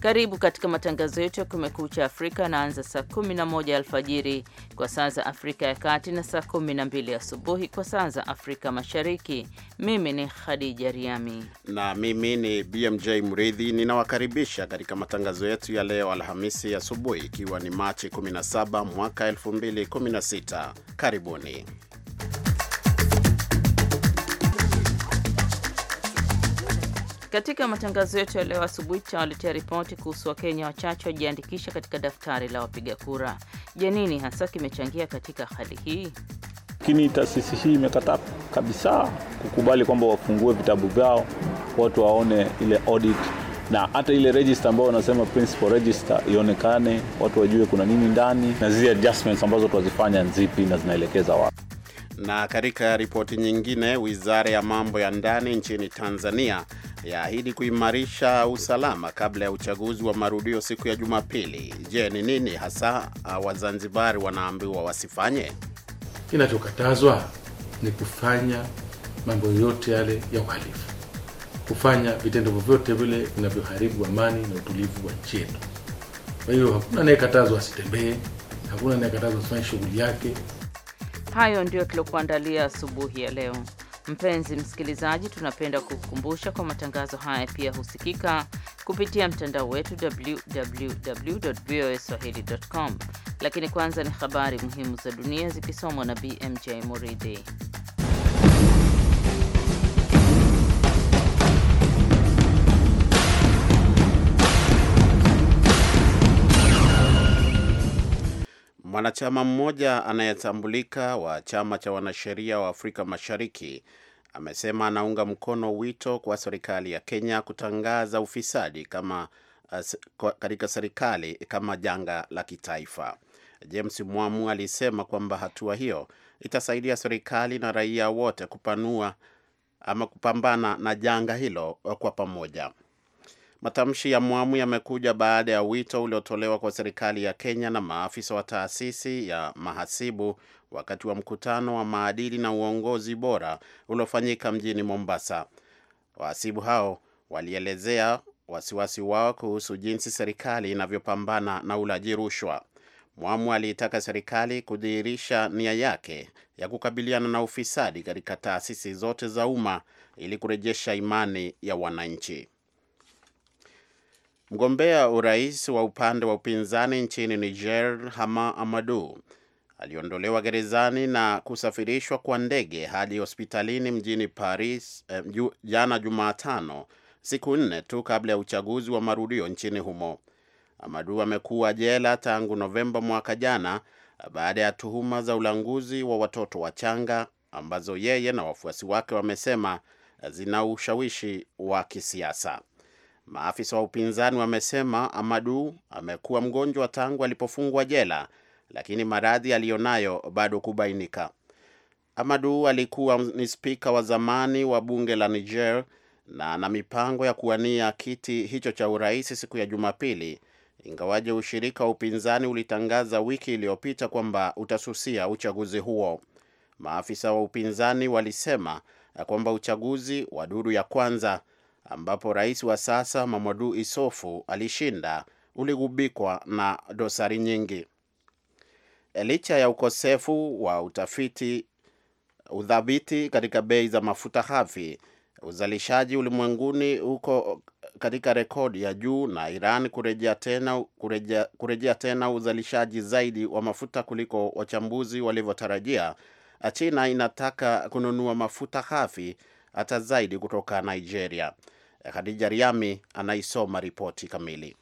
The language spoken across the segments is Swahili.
Karibu katika matangazo yetu ya Kumekucha Afrika anaanza saa 11 alfajiri kwa saa za Afrika ya Kati na saa 12 asubuhi kwa saa za Afrika Mashariki. Mimi ni Khadija Riami na mimi ni BMJ Mridhi, ninawakaribisha katika matangazo yetu ya leo Alhamisi asubuhi, ikiwa ni Machi 17 mwaka 2016. Karibuni. Katika matangazo yetu ya leo asubuhi, tutawaletea ripoti kuhusu Wakenya wachache wajiandikisha katika daftari la wapiga kura. Je, nini hasa kimechangia katika hali hii? Lakini taasisi hii imekataa kabisa kukubali kwamba wafungue vitabu vyao watu waone ile audit na hata ile register ambayo wanasema principal register ionekane, watu wajue kuna nini ndani, na zile adjustments ambazo twazifanya nzipi na zinaelekeza wapi. Na katika ripoti nyingine, wizara ya mambo ya ndani nchini Tanzania yaahidi kuimarisha usalama kabla ya uchaguzi wa marudio siku ya Jumapili. Je, ni nini hasa ah, Wazanzibari wanaambiwa wasifanye? Kinachokatazwa ni kufanya mambo yote yale ya uhalifu, kufanya vitendo vyovyote vile vinavyoharibu amani na utulivu wa nchi yetu. Kwa hiyo hakuna anayekatazwa asitembee, hakuna anayekatazwa asifanye shughuli yake. Hayo ndiyo tuliokuandalia asubuhi ya leo. Mpenzi msikilizaji, tunapenda kukukumbusha kwa matangazo haya pia husikika kupitia mtandao wetu www.voaswahili.com. Lakini kwanza ni habari muhimu za dunia zikisomwa na BMJ Muridhi. Mwanachama mmoja anayetambulika wa chama cha wanasheria wa Afrika Mashariki amesema anaunga mkono wito kwa serikali ya Kenya kutangaza ufisadi kama eh, katika serikali kama janga la kitaifa. James Mwamu alisema kwamba hatua hiyo itasaidia serikali na raia wote kupanua ama kupambana na janga hilo eh, kwa pamoja. Matamshi ya Mwamu yamekuja baada ya wito uliotolewa kwa serikali ya Kenya na maafisa wa taasisi ya mahasibu wakati wa mkutano wa maadili na uongozi bora uliofanyika mjini Mombasa. Wahasibu hao walielezea wasiwasi wao kuhusu jinsi serikali inavyopambana na ulaji rushwa. Mwamu aliitaka serikali kudhihirisha nia yake ya kukabiliana na ufisadi katika taasisi zote za umma ili kurejesha imani ya wananchi. Mgombea urais wa upande wa upinzani nchini Niger, Hama Amadu, aliondolewa gerezani na kusafirishwa kwa ndege hadi hospitalini mjini Paris eh, jana Jumatano, siku nne tu kabla ya uchaguzi wa marudio nchini humo. Amadu amekuwa jela tangu Novemba mwaka jana baada ya tuhuma za ulanguzi wa watoto wachanga ambazo yeye na wafuasi wake wamesema zina ushawishi wa kisiasa. Maafisa wa upinzani wamesema Amadu amekuwa mgonjwa tangu alipofungwa jela lakini maradhi aliyonayo bado kubainika. Amadu alikuwa ni spika wa zamani wa bunge la Niger na ana mipango ya kuwania kiti hicho cha urais siku ya Jumapili, ingawaje ushirika wa upinzani ulitangaza wiki iliyopita kwamba utasusia uchaguzi huo. Maafisa wa upinzani walisema kwamba uchaguzi wa duru ya kwanza ambapo rais wa sasa Mamadu Isofu alishinda uligubikwa na dosari nyingi. Eh, licha ya ukosefu wa utafiti udhabiti katika bei za mafuta hafi, uzalishaji ulimwenguni huko katika rekodi ya juu na Iran kurejea tena, kurejea, kurejea tena uzalishaji zaidi wa mafuta kuliko wachambuzi walivyotarajia. Eh, China inataka kununua mafuta hafi hata zaidi kutoka Nigeria. Eh, Khadija Riami anaisoma ripoti kamili.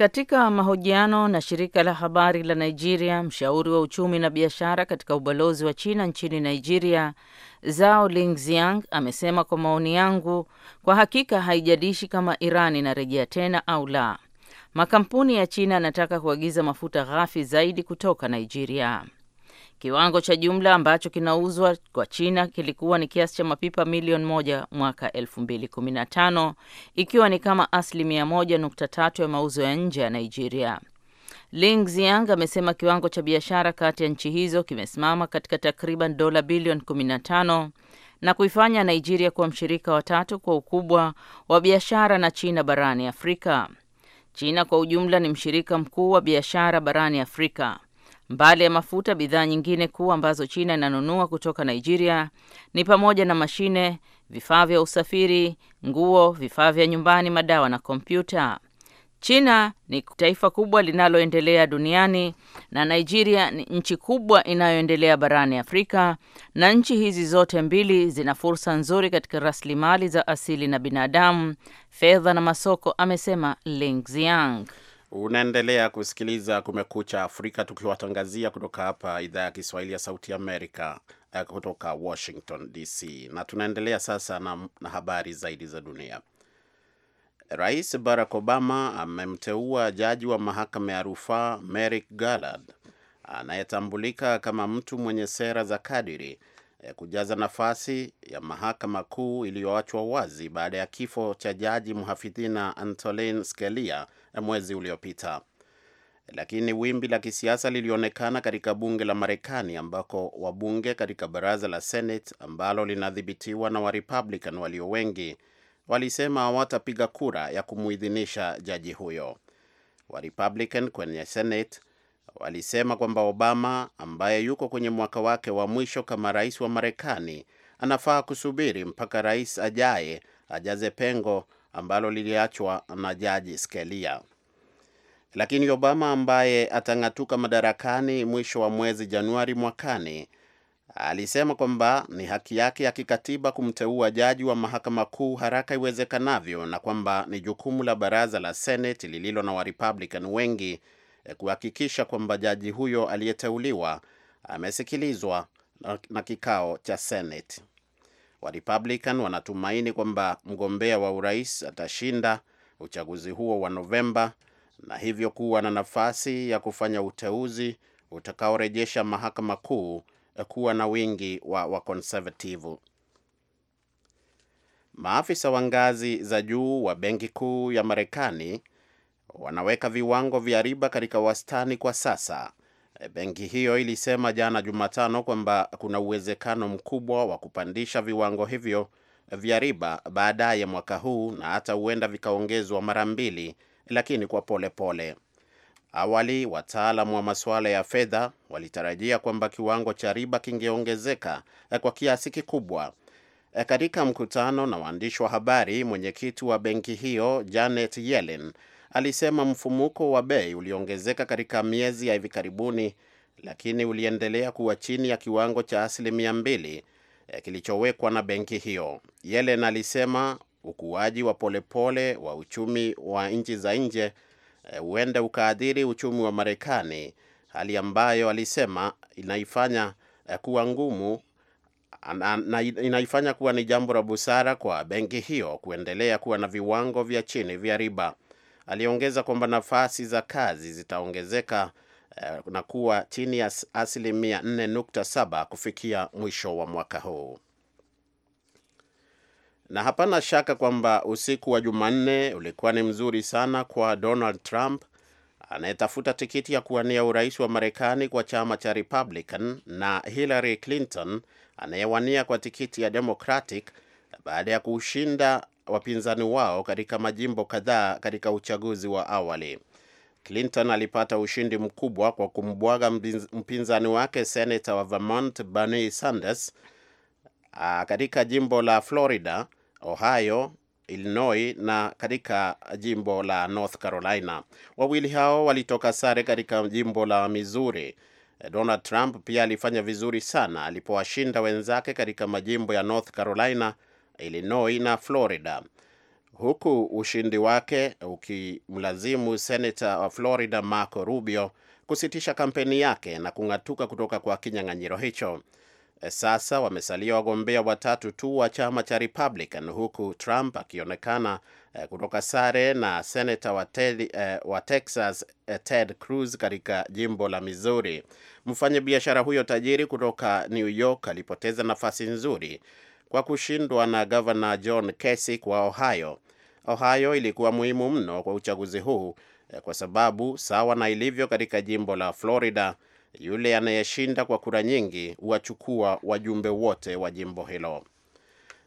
Katika mahojiano na shirika la habari la Nigeria, mshauri wa uchumi na biashara katika ubalozi wa China nchini Nigeria, Zao Lingziang amesema, kwa maoni yangu, kwa hakika haijadishi kama Iran inarejea tena au la. Makampuni ya China yanataka kuagiza mafuta ghafi zaidi kutoka Nigeria. Kiwango cha jumla ambacho kinauzwa kwa China kilikuwa ni kiasi cha mapipa milioni moja mwaka 2015 ikiwa ni kama asilimia tatu ya mauzo ya nje ya Nigeria. Ling Ziang amesema kiwango cha biashara kati ya nchi hizo kimesimama katika takriban dola bilioni 15 na kuifanya Nigeria kuwa mshirika wa tatu kwa ukubwa wa biashara na China barani Afrika. China kwa ujumla ni mshirika mkuu wa biashara barani Afrika. Mbali ya mafuta, bidhaa nyingine kuu ambazo China inanunua kutoka Nigeria ni pamoja na mashine, vifaa vya usafiri, nguo, vifaa vya nyumbani, madawa na kompyuta. China ni taifa kubwa linaloendelea duniani na Nigeria ni nchi kubwa inayoendelea barani Afrika, na nchi hizi zote mbili zina fursa nzuri katika rasilimali za asili na binadamu, fedha na masoko, amesema Ling Unaendelea kusikiliza Kumekucha Afrika, tukiwatangazia kutoka hapa idhaa ya Kiswahili ya Sauti Amerika eh, kutoka Washington DC, na tunaendelea sasa na, na habari zaidi za dunia. Rais Barack Obama amemteua jaji wa mahakama ya rufaa Merrick Garland anayetambulika kama mtu mwenye sera za kadiri eh, kujaza nafasi ya mahakama kuu iliyoachwa wazi baada ya kifo cha jaji mhafidhina Antonin Scalia mwezi uliopita. Lakini wimbi la kisiasa lilionekana katika bunge la Marekani ambako wabunge katika baraza la Senate ambalo linadhibitiwa na Warepublican walio wengi walisema hawatapiga kura ya kumuidhinisha jaji huyo. Warepublican kwenye Senate walisema kwamba Obama ambaye yuko kwenye mwaka wake wa mwisho kama rais wa Marekani anafaa kusubiri mpaka rais ajaye ajaze pengo ambalo liliachwa na jaji Scalia. Lakini Obama ambaye atang'atuka madarakani mwisho wa mwezi Januari mwakani alisema kwamba ni haki yake ya kikatiba kumteua jaji wa mahakama kuu haraka iwezekanavyo na kwamba ni jukumu la baraza la Seneti lililo na Warepublican wengi eh, kuhakikisha kwamba jaji huyo aliyeteuliwa amesikilizwa na kikao cha Seneti wa Republican wanatumaini kwamba mgombea wa urais atashinda uchaguzi huo wa Novemba na hivyo kuwa na nafasi ya kufanya uteuzi utakaorejesha mahakama kuu kuwa na wingi wa wakonservativu. Maafisa wa ngazi za juu wa benki kuu ya Marekani wanaweka viwango vya riba katika wastani kwa sasa Benki hiyo ilisema jana Jumatano kwamba kuna uwezekano mkubwa wa kupandisha viwango hivyo vya riba baadaye mwaka huu na hata huenda vikaongezwa mara mbili, lakini kwa polepole pole. Awali wataalamu wa masuala ya fedha walitarajia kwamba kiwango cha riba kingeongezeka kwa kiasi kikubwa. Katika mkutano na waandishi wa habari, mwenyekiti wa benki hiyo Janet Yellen alisema mfumuko wa bei uliongezeka katika miezi ya hivi karibuni, lakini uliendelea kuwa chini ya kiwango cha asilimia mbili eh, kilichowekwa na benki hiyo. Yellen alisema ukuaji wa polepole wa uchumi wa nchi za nje eh, huenda ukaadhiri uchumi wa Marekani, hali ambayo alisema inaifanya eh, kuwa ngumu na inaifanya kuwa ni jambo la busara kwa benki hiyo kuendelea kuwa na viwango vya chini vya riba. Aliongeza kwamba nafasi za kazi zitaongezeka eh, na kuwa chini ya asilimia 4.7 kufikia mwisho wa mwaka huu. Na hapana shaka kwamba usiku wa Jumanne ulikuwa ni mzuri sana kwa Donald Trump anayetafuta tikiti ya kuwania urais wa Marekani kwa chama cha Republican na Hillary Clinton anayewania kwa tikiti ya Democratic baada ya kushinda wapinzani wao katika majimbo kadhaa katika uchaguzi wa awali. Clinton alipata ushindi mkubwa kwa kumbwaga mpinzani wake senata wa Vermont Bernie Sanders katika jimbo la Florida, Ohio, Illinois na katika jimbo la North Carolina. Wawili hao walitoka sare katika jimbo la Missouri. Donald Trump pia alifanya vizuri sana alipowashinda wenzake katika majimbo ya North Carolina Illinois na Florida, huku ushindi wake ukimlazimu senata wa Florida Marco Rubio kusitisha kampeni yake na kung'atuka kutoka kwa kinyang'anyiro hicho. Sasa wamesalia wagombea watatu tu wa chama cha Republican, huku Trump akionekana eh, kutoka sare na senata wa, eh, wa Texas eh, Ted Cruz katika jimbo la Missouri. Mfanyabiashara huyo tajiri kutoka New York alipoteza nafasi nzuri kwa kushindwa na gavana John Kasich wa Ohio. Ohio ilikuwa muhimu mno kwa uchaguzi huu eh, kwa sababu sawa na ilivyo katika jimbo la Florida, yule anayeshinda kwa kura nyingi huwachukua wajumbe wote wa jimbo hilo.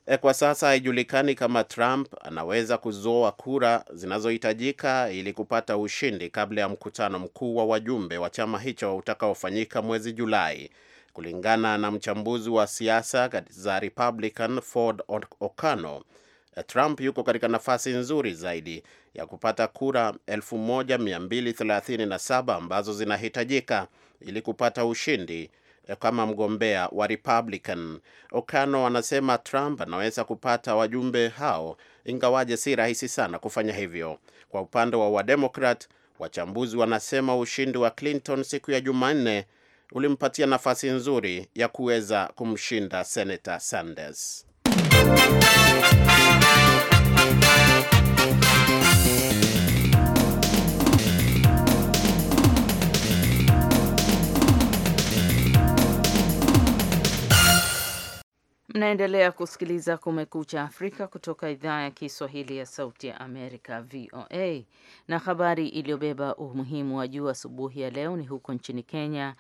E, kwa sasa haijulikani kama Trump anaweza kuzoa kura zinazohitajika ili kupata ushindi kabla ya mkutano mkuu wa wajumbe wa chama hicho utakaofanyika mwezi Julai. Kulingana na mchambuzi wa siasa za Republican Ford Okano, Trump yuko katika nafasi nzuri zaidi ya kupata kura 1237 ambazo zinahitajika ili kupata ushindi kama mgombea wa Republican. Okano anasema Trump anaweza kupata wajumbe hao, ingawaje si rahisi sana kufanya hivyo. Kwa upande wa Wademokrat, wachambuzi wanasema ushindi wa Clinton siku ya Jumanne ulimpatia nafasi nzuri ya kuweza kumshinda Senator Sanders. Mnaendelea kusikiliza Kumekucha Afrika kutoka idhaa ya Kiswahili ya Sauti ya Amerika, VOA. Na habari iliyobeba umuhimu wa juu asubuhi ya leo ni huko nchini Kenya,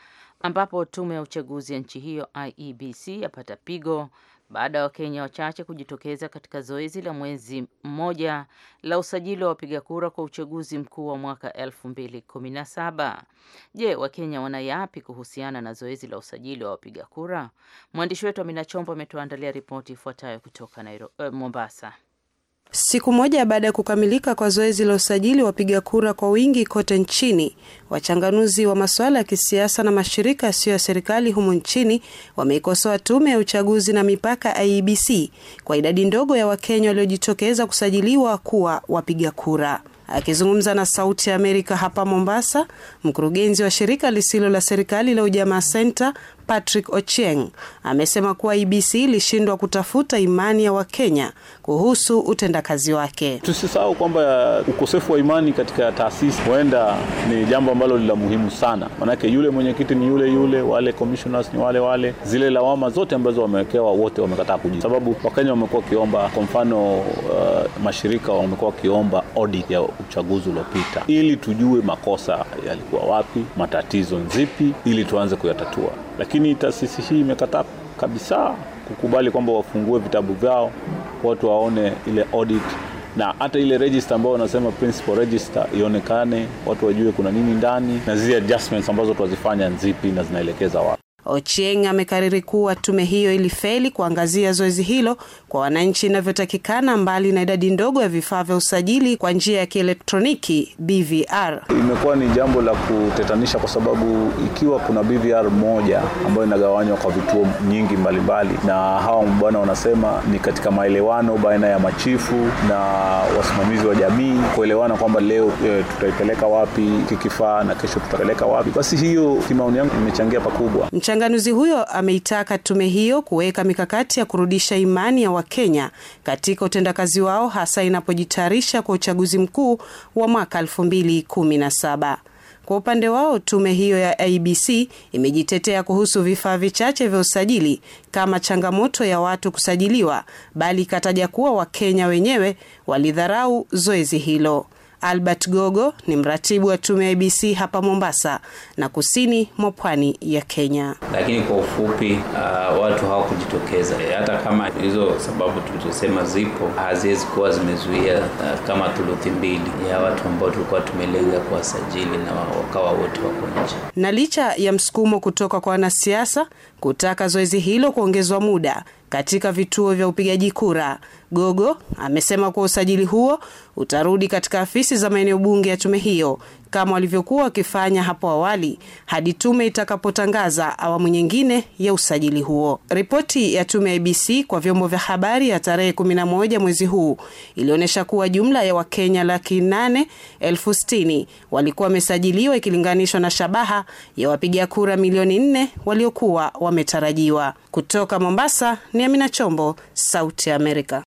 ambapo tume ya uchaguzi ya nchi hiyo IEBC yapata pigo baada ya Wakenya wachache kujitokeza katika zoezi la mwezi mmoja la usajili wa wapiga kura kwa uchaguzi mkuu wa mwaka 2017. Je, Wakenya wana yapi kuhusiana na zoezi la usajili wa wapiga kura? Mwandishi wetu Amina Chombo ametuandalia ripoti ifuatayo kutoka Nairobi, eh, Mombasa. Siku moja baada ya kukamilika kwa zoezi la usajili wapiga kura kwa wingi kote nchini, wachanganuzi wa masuala ya kisiasa na mashirika yasiyo ya serikali humo nchini wameikosoa Tume ya Uchaguzi na Mipaka IEBC kwa idadi ndogo ya Wakenya waliojitokeza kusajiliwa kuwa wapiga kura. Akizungumza na Sauti ya Amerika hapa Mombasa, mkurugenzi wa shirika lisilo la serikali la Ujamaa Center Patrick Ochieng amesema kuwa ibc e ilishindwa kutafuta imani ya Wakenya kuhusu utendakazi wake. Tusisahau kwamba ukosefu wa imani katika taasisi huenda ni jambo ambalo lila muhimu sana, manake yule mwenyekiti ni yule yule, wale commissioners ni wale wale. Zile lawama zote ambazo wamewekewa wote wamekataa kuji sababu Wakenya wamekuwa wakiomba, kwa mfano uh, mashirika wamekuwa wakiomba audit ya uchaguzi uliopita ili tujue makosa yalikuwa wapi, matatizo nzipi, ili tuanze kuyatatua lakini taasisi hii imekataa kabisa kukubali kwamba wafungue vitabu vyao watu waone ile audit na hata ile register ambayo wanasema principal register ionekane, watu wajue kuna nini ndani, na zile adjustments ambazo twazifanya nzipi na zinaelekeza wapi. Ocheng amekariri kuwa tume hiyo ilifeli kuangazia zoezi hilo kwa wananchi inavyotakikana, mbali na idadi ndogo ya vifaa vya usajili kwa njia ya kielektroniki BVR. Imekuwa ni jambo la kutetanisha, kwa sababu ikiwa kuna BVR moja ambayo inagawanywa kwa vituo nyingi mbalimbali mbali, na hawa bwana wanasema ni katika maelewano baina ya machifu na wasimamizi wa jamii kuelewana kwamba leo e, tutaipeleka wapi kikifaa na kesho tutapeleka wapi. Basi hiyo kimaoni yangu imechangia pakubwa Mchanganuzi huyo ameitaka tume hiyo kuweka mikakati ya kurudisha imani ya Wakenya katika utendakazi wao hasa inapojitayarisha kwa uchaguzi mkuu wa mwaka 2017. Kwa upande wao tume hiyo ya abc imejitetea kuhusu vifaa vichache vya usajili kama changamoto ya watu kusajiliwa, bali ikataja kuwa Wakenya wenyewe walidharau zoezi hilo. Albert Gogo ni mratibu wa tume ya abc hapa Mombasa na kusini mwa pwani ya Kenya. Lakini kwa ufupi, uh, watu hawakujitokeza hata kama hizo sababu tulizosema zipo, haziwezi kuwa zimezuia uh, kama thuluthi mbili ya watu ambao tulikuwa tumelenga kuwasajili na wakawa wote wako nje. Na licha ya msukumo kutoka kwa wanasiasa kutaka zoezi hilo kuongezwa muda katika vituo vya upigaji kura. Gogo amesema kuwa usajili huo utarudi katika afisi za maeneo bunge ya tume hiyo kama walivyokuwa wakifanya hapo awali hadi tume itakapotangaza awamu nyingine ya usajili huo. Ripoti ya tume ya ABC kwa vyombo vya habari ya tarehe 11 mwezi huu ilionyesha kuwa jumla ya Wakenya laki 8 walikuwa wamesajiliwa ikilinganishwa na shabaha ya wapiga kura milioni 4ne waliokuwa wametarajiwa. Kutoka Mombasa ni Amina Chombo, Sauti Amerika.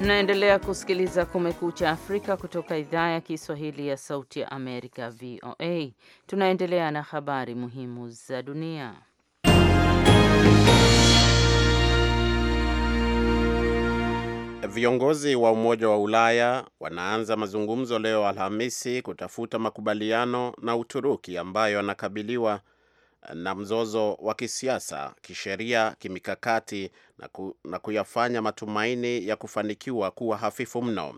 Mnaendelea kusikiliza Kumekucha Afrika kutoka idhaa ya Kiswahili ya Sauti ya Amerika, VOA. Tunaendelea na habari muhimu za dunia. Viongozi wa Umoja wa Ulaya wanaanza mazungumzo leo Alhamisi kutafuta makubaliano na Uturuki ambayo anakabiliwa na mzozo wa kisiasa, kisheria, kimikakati na, ku, na kuyafanya matumaini ya kufanikiwa kuwa hafifu mno,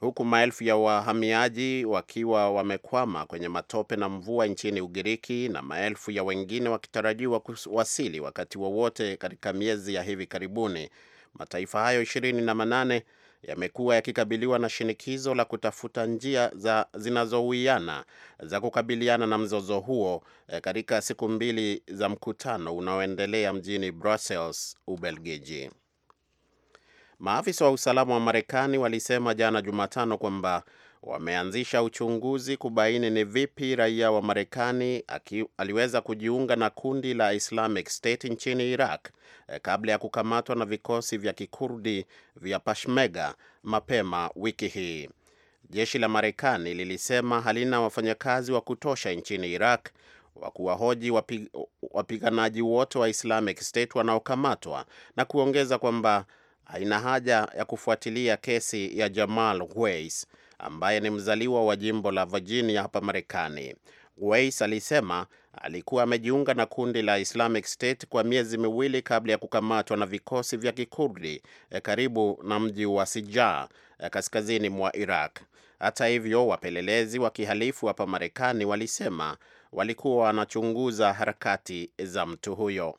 huku maelfu ya wahamiaji wakiwa wamekwama kwenye matope na mvua nchini Ugiriki na maelfu ya wengine wakitarajiwa kuwasili wakati wowote wa katika miezi ya hivi karibuni. Mataifa hayo ishirini na manane yamekuwa yakikabiliwa na shinikizo la kutafuta njia za zinazowiana za kukabiliana na mzozo huo eh, katika siku mbili za mkutano unaoendelea mjini Brussels, Ubelgiji. Maafisa wa usalama wa Marekani walisema jana Jumatano kwamba wameanzisha uchunguzi kubaini ni vipi raia wa Marekani aliweza kujiunga na kundi la Islamic State nchini Iraq eh, kabla ya kukamatwa na vikosi vya Kikurdi vya Peshmerga mapema wiki hii. Jeshi la Marekani lilisema halina wafanyakazi wa kutosha nchini Iraq wa kuwahoji wapiganaji wote wa Islamic State wanaokamatwa na kuongeza kwamba haina haja ya kufuatilia kesi ya Jamal Weiss ambaye ni mzaliwa wa jimbo la Virginia hapa Marekani. Weis alisema alikuwa amejiunga na kundi la Islamic State kwa miezi miwili kabla ya kukamatwa na vikosi vya Kikurdi eh, karibu na mji wa Sijaa eh, kaskazini mwa Iraq. Hata hivyo, wapelelezi wa kihalifu hapa Marekani walisema walikuwa wanachunguza harakati za mtu huyo.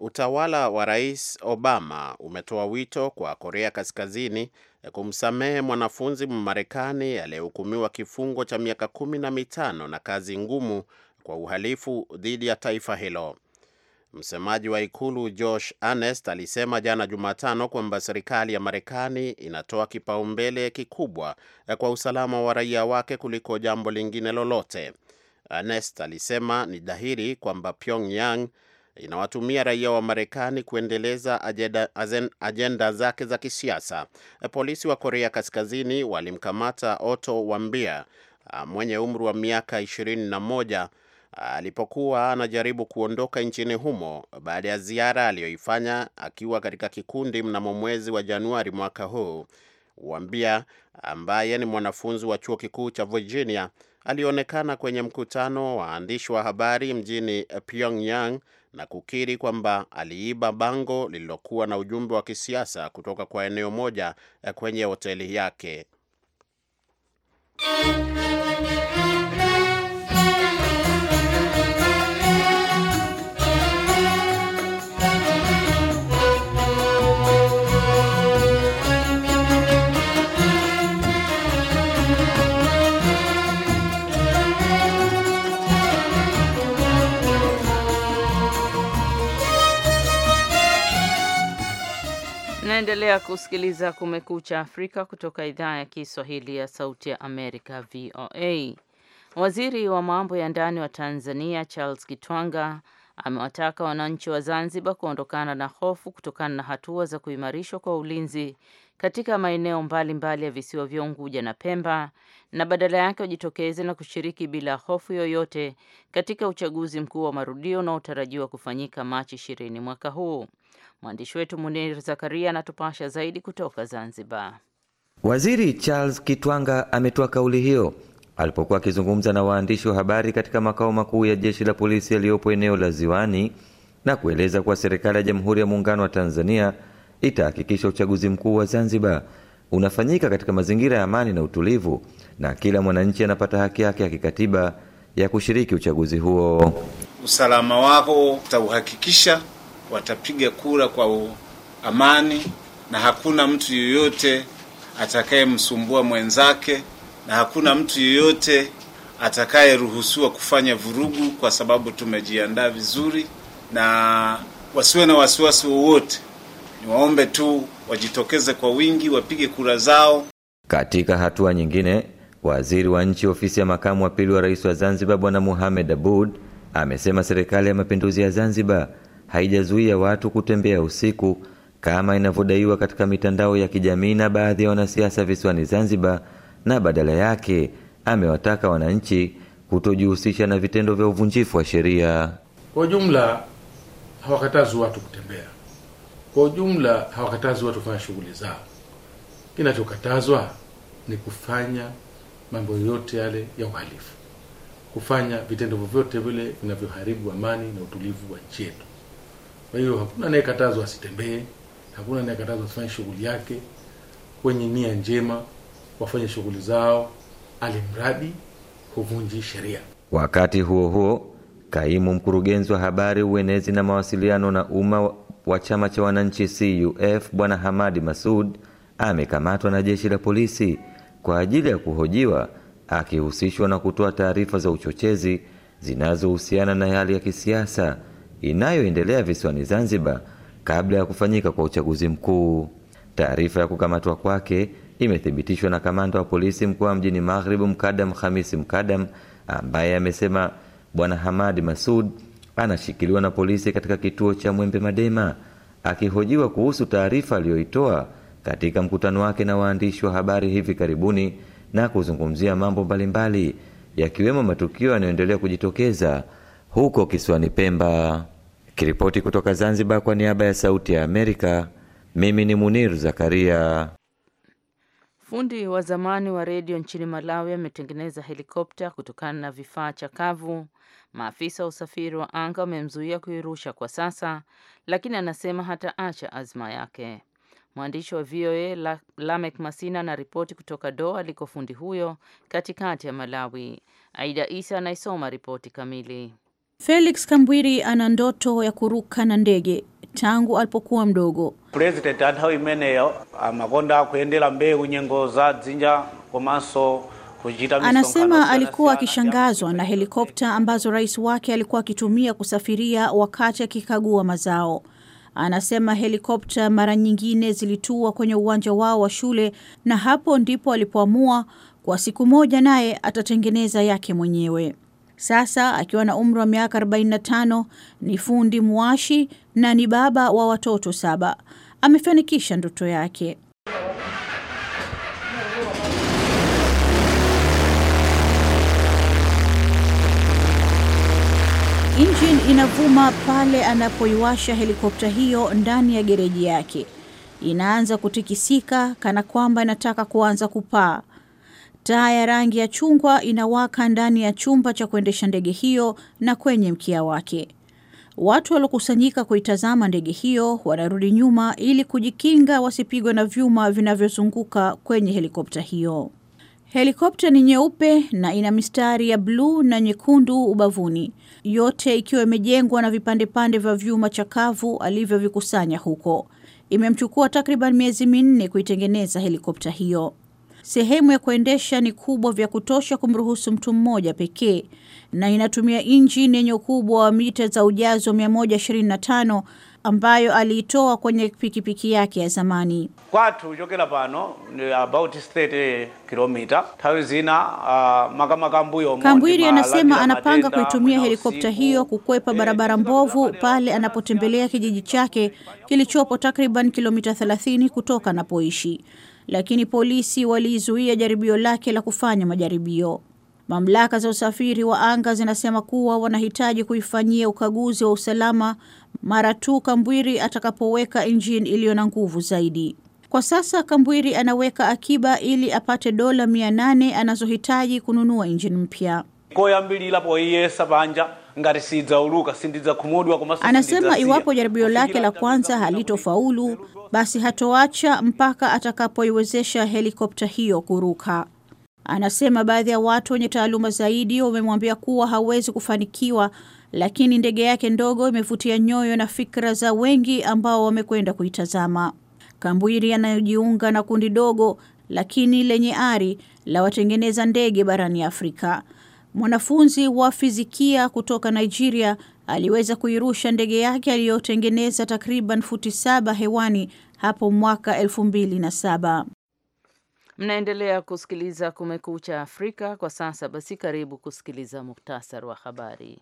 Utawala wa Rais Obama umetoa wito kwa Korea Kaskazini kumsamehe mwanafunzi Mmarekani aliyehukumiwa kifungo cha miaka kumi na mitano na kazi ngumu kwa uhalifu dhidi ya taifa hilo. Msemaji wa ikulu Josh Earnest alisema jana Jumatano kwamba serikali ya Marekani inatoa kipaumbele kikubwa kwa usalama wa raia wake kuliko jambo lingine lolote. Earnest alisema ni dhahiri kwamba Pyongyang inawatumia raia wa Marekani kuendeleza ajenda, ajenda zake za kisiasa. Polisi wa Korea Kaskazini walimkamata Otto Wambia ah, mwenye umri wa miaka ishirini na moja ah, alipokuwa anajaribu kuondoka nchini humo baada ya ziara aliyoifanya akiwa katika kikundi mnamo mwezi wa Januari mwaka huu Wambia ambaye ni mwanafunzi wa chuo kikuu cha Virginia alionekana kwenye mkutano wa waandishi wa habari mjini Pyongyang na kukiri kwamba aliiba bango lililokuwa na ujumbe wa kisiasa kutoka kwa eneo moja eh, kwenye hoteli yake. Mnaendelea kusikiliza Kumekucha Afrika kutoka idhaa ya Kiswahili ya Sauti ya Amerika, VOA. Waziri wa mambo ya ndani wa Tanzania Charles Kitwanga amewataka wananchi wa Zanzibar kuondokana na hofu kutokana na hatua za kuimarishwa kwa ulinzi katika maeneo mbalimbali ya visiwa vya Unguja na Pemba na badala yake wajitokeze na kushiriki bila hofu yoyote katika uchaguzi mkuu wa marudio unaotarajiwa kufanyika Machi ishirini mwaka huu. Mwandishi wetu Munir Zakaria anatupasha zaidi kutoka Zanzibar. Waziri Charles Kitwanga ametoa kauli hiyo alipokuwa akizungumza na waandishi wa habari katika makao makuu ya jeshi la polisi yaliyopo eneo la Ziwani na kueleza kuwa serikali ya Jamhuri ya Muungano wa Tanzania itahakikisha uchaguzi mkuu wa Zanzibar unafanyika katika mazingira ya amani na utulivu na kila mwananchi anapata haki yake ya kikatiba ya kushiriki uchaguzi huo. Usalama wako utauhakikisha watapiga kura kwa amani, na hakuna mtu yoyote atakayemsumbua mwenzake, na hakuna mtu yoyote atakayeruhusiwa kufanya vurugu, kwa sababu tumejiandaa vizuri, na wasiwe na wasiwasi wowote. Niwaombe tu wajitokeze kwa wingi, wapige kura zao. Katika hatua nyingine, waziri wa nchi ofisi ya makamu wa pili wa rais wa Zanzibar Bwana muhamed abud amesema serikali ya mapinduzi ya Zanzibar haijazuia watu kutembea usiku kama inavyodaiwa katika mitandao ya kijamii na baadhi ya wanasiasa visiwani Zanzibar, na badala yake amewataka wananchi kutojihusisha na vitendo vya uvunjifu wa sheria. Kwa ujumla, hawakatazi watu kutembea, kwa ujumla hawakatazi watu kufanya shughuli zao. Kinachokatazwa ni kufanya mambo yote yale ya uhalifu, kufanya vitendo vyovyote vile vinavyoharibu amani na utulivu wa nchi yetu. Kwa hiyo hakuna anayekatazwa asitembee, hakuna anayekatazwa asifanye shughuli yake, wenye nia njema wafanye shughuli zao, alimradi huvunji sheria. Wakati huo huo, kaimu mkurugenzi wa habari, uenezi na mawasiliano na umma wa chama cha wananchi CUF Bwana Hamadi Masud amekamatwa na jeshi la polisi kwa ajili ya kuhojiwa akihusishwa na kutoa taarifa za uchochezi zinazohusiana na hali ya kisiasa inayoendelea visiwani Zanzibar kabla ya kufanyika kwa uchaguzi mkuu. Taarifa ya kukamatwa kwake imethibitishwa na kamanda wa polisi mkoa wa Mjini Maghrib Mkadam Hamisi Mkadam ambaye amesema Bwana Hamadi Masud anashikiliwa na polisi katika kituo cha Mwembe Madema akihojiwa kuhusu taarifa aliyoitoa katika mkutano wake na waandishi wa habari hivi karibuni na kuzungumzia mambo mbalimbali yakiwemo matukio yanayoendelea kujitokeza huko kisiwani Pemba. Kiripoti kutoka Zanzibar kwa niaba ya Sauti ya Amerika, mimi ni Munir Zakaria. Fundi wa zamani wa redio nchini Malawi ametengeneza helikopta kutokana na vifaa chakavu. Maafisa wa usafiri wa anga wamemzuia kuirusha kwa sasa, lakini anasema hataacha azma yake. Mwandishi wa VOA Lamek Masina anaripoti kutoka Doha aliko fundi huyo katikati ya Malawi. Aida Isa anaisoma ripoti kamili. Felix Kambwiri ana ndoto ya kuruka na ndege tangu alipokuwa mdogo. President anthawi imeneyo amakonda kuendela mbeu nyengo za dzinja komanso Anasema alikuwa akishangazwa na helikopta ambazo rais wake alikuwa akitumia kusafiria wakati akikagua mazao. Anasema helikopta mara nyingine zilitua kwenye uwanja wao wa shule, na hapo ndipo alipoamua kwa siku moja naye atatengeneza yake mwenyewe. Sasa akiwa na umri wa miaka 45 ni fundi mwashi na ni baba wa watoto saba. Amefanikisha ndoto yake. Injini inavuma pale anapoiwasha helikopta hiyo ndani ya gereji yake. Inaanza kutikisika kana kwamba inataka kuanza kupaa. Taa ya rangi ya chungwa inawaka ndani ya chumba cha kuendesha ndege hiyo na kwenye mkia wake. Watu waliokusanyika kuitazama ndege hiyo wanarudi nyuma ili kujikinga wasipigwe na vyuma vinavyozunguka kwenye helikopta hiyo. Helikopta ni nyeupe na ina mistari ya bluu na nyekundu ubavuni, yote ikiwa imejengwa na vipandepande vya vyuma chakavu alivyovikusanya huko. Imemchukua takriban miezi minne kuitengeneza helikopta hiyo sehemu ya kuendesha ni kubwa vya kutosha kumruhusu mtu mmoja pekee na inatumia injini yenye ukubwa wa mita za ujazo 125 ambayo aliitoa kwenye pikipiki yake ya zamani. kwatu chokera pano ni about 30 eh, kilomita nthawi zina uh, ah, makamaka Kambwiri anasema anapanga kuitumia helikopta hiyo kukwepa eh, barabara mbovu pale anapotembelea kijiji chake kilichopo takriban kilomita 30 kutoka anapoishi lakini polisi walizuia jaribio lake la kufanya majaribio. Mamlaka za usafiri wa anga zinasema kuwa wanahitaji kuifanyia ukaguzi wa usalama mara tu Kambwiri atakapoweka injini iliyo na nguvu zaidi. Kwa sasa Kambwiri anaweka akiba ili apate dola mia nane anazohitaji kununua injini mpya. koya mbili lapo Anasema iwapo jaribio lake la kwanza halitofaulu, basi hatoacha mpaka atakapoiwezesha helikopta hiyo kuruka. Anasema baadhi ya watu wenye taaluma zaidi wamemwambia kuwa hawezi kufanikiwa, lakini ndege yake ndogo imevutia nyoyo na fikra za wengi ambao wamekwenda kuitazama. Kambwiri anayojiunga na kundi dogo lakini lenye ari la watengeneza ndege barani Afrika mwanafunzi wa fizikia kutoka Nigeria aliweza kuirusha ndege yake aliyotengeneza takriban futi saba hewani hapo mwaka elfu mbili na saba. Mnaendelea kusikiliza Kumekucha Afrika kwa sasa. Basi karibu kusikiliza muhtasari wa habari.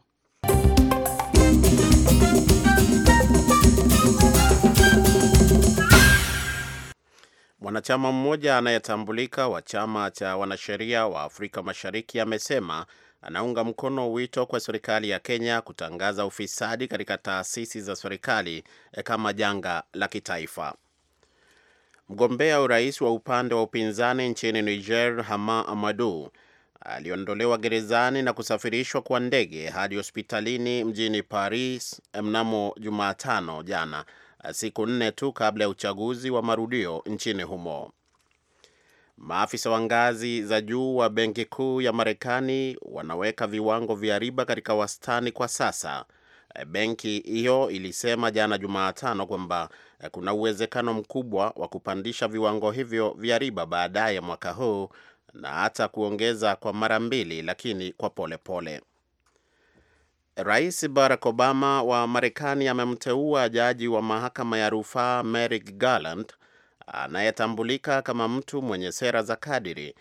Mwanachama mmoja anayetambulika wa chama cha wanasheria wa Afrika Mashariki amesema anaunga mkono wito kwa serikali ya Kenya kutangaza ufisadi katika taasisi za serikali e, kama janga la kitaifa. Mgombea urais wa upande wa upinzani nchini Niger, Hama Amadu, aliondolewa gerezani na kusafirishwa kwa ndege hadi hospitalini mjini Paris e, mnamo Jumatano jana, e, siku nne tu kabla ya uchaguzi wa marudio nchini humo. Maafisa wa ngazi za juu wa benki kuu ya Marekani wanaweka viwango vya riba katika wastani kwa sasa. Benki hiyo ilisema jana Jumatano kwamba kuna uwezekano mkubwa wa kupandisha viwango hivyo vya riba baadaye mwaka huu na hata kuongeza kwa mara mbili, lakini kwa polepole pole. Rais Barack Obama wa Marekani amemteua jaji wa mahakama ya rufaa Merrick Garland anayetambulika kama mtu mwenye sera za kadiri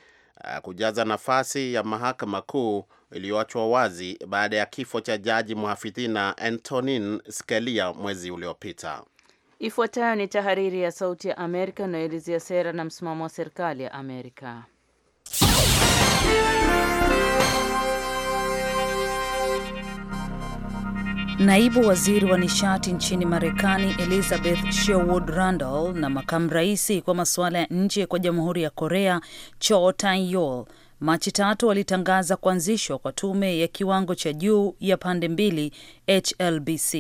ah, kujaza nafasi ya mahakama kuu iliyoachwa wazi baada ya kifo cha jaji mhafidhina Antonin Scalia mwezi uliopita. Ifuatayo ni tahariri ya Sauti ya Amerika inayoelezea sera na msimamo wa serikali ya Amerika. Naibu waziri wa nishati nchini Marekani Elizabeth Sherwood Randall na makamu rais kwa masuala ya nje kwa jamhuri ya Korea Cho Tae-yol Machi tatu walitangaza kuanzishwa kwa tume ya kiwango cha juu ya pande mbili HLBC.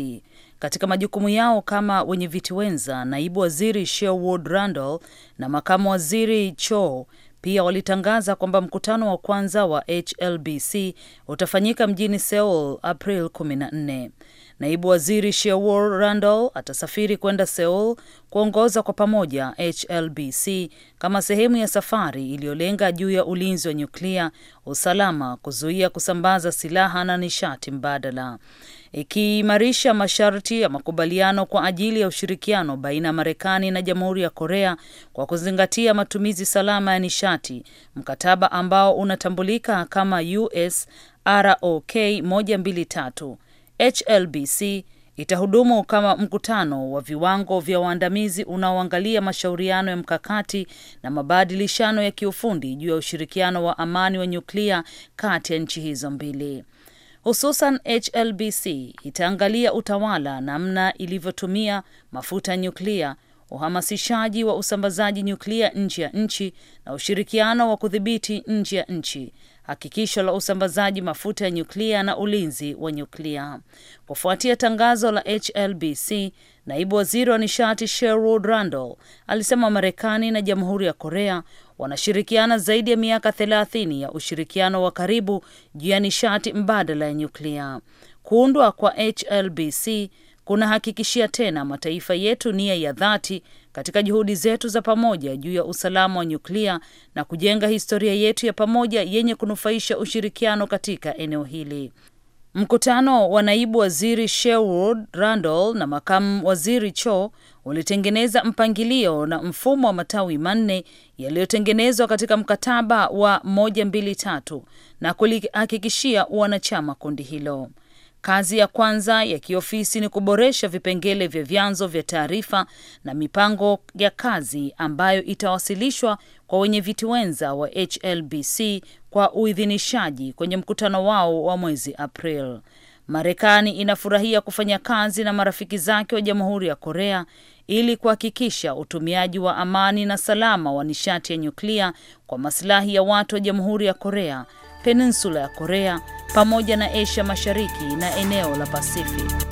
Katika majukumu yao kama wenye viti wenza, naibu waziri Sherwood Randall na makamu waziri Cho pia walitangaza kwamba mkutano wa kwanza wa HLBC utafanyika mjini Seoul April 14. Naibu Waziri Sherwol Randall atasafiri kwenda Seoul kuongoza kwa pamoja HLBC kama sehemu ya safari iliyolenga juu ya ulinzi wa nyuklia, usalama, kuzuia kusambaza silaha na nishati mbadala ikiimarisha masharti ya makubaliano kwa ajili ya ushirikiano baina ya Marekani na Jamhuri ya Korea kwa kuzingatia matumizi salama ya nishati, mkataba ambao unatambulika kama US ROK 123. HLBC itahudumu kama mkutano wa viwango vya waandamizi unaoangalia mashauriano ya mkakati na mabadilishano ya kiufundi juu ya ushirikiano wa amani wa nyuklia kati ya nchi hizo mbili hususan HLBC itaangalia utawala, namna ilivyotumia mafuta nyuklia, uhamasishaji wa usambazaji nyuklia nje ya nchi na ushirikiano wa kudhibiti nje ya nchi, hakikisho la usambazaji mafuta ya nyuklia na ulinzi wa nyuklia. Kufuatia tangazo la HLBC, naibu waziri wa nishati Sherwood Randall alisema Marekani na Jamhuri ya Korea wanashirikiana zaidi ya miaka 30 ya ushirikiano wa karibu juu ya nishati mbadala ya nyuklia. Kuundwa kwa HLBC kunahakikishia tena mataifa yetu nia ya dhati katika juhudi zetu za pamoja juu ya usalama wa nyuklia na kujenga historia yetu ya pamoja yenye kunufaisha ushirikiano katika eneo hili. Mkutano wa naibu waziri Sherwood Randall na makamu waziri Cho ulitengeneza mpangilio na mfumo wa matawi manne yaliyotengenezwa katika mkataba wa 123 na kulihakikishia wanachama kundi hilo. Kazi ya kwanza ya kiofisi ni kuboresha vipengele vya vyanzo vya taarifa na mipango ya kazi ambayo itawasilishwa kwa viti wenza wa HLBC kwa uidhinishaji kwenye mkutano wao wa mwezi April. Marekani inafurahia kufanya kazi na marafiki zake wa Jamhuri ya Korea ili kuhakikisha utumiaji wa amani na salama wa nishati ya nyuklia kwa masilahi ya watu wa Jamhuri ya Korea, peninsula ya Korea pamoja na Asia Mashariki na eneo la Pacific.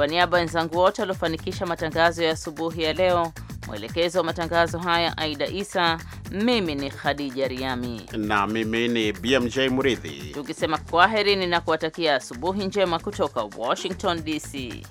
Kwa niaba ya wenzangu wote waliofanikisha matangazo ya asubuhi ya leo, mwelekezo wa matangazo haya Aida Isa, mimi ni Khadija Riami na mimi ni BMJ Muridhi, tukisema na kuwatakia asubuhi njema kutoka Washington DC.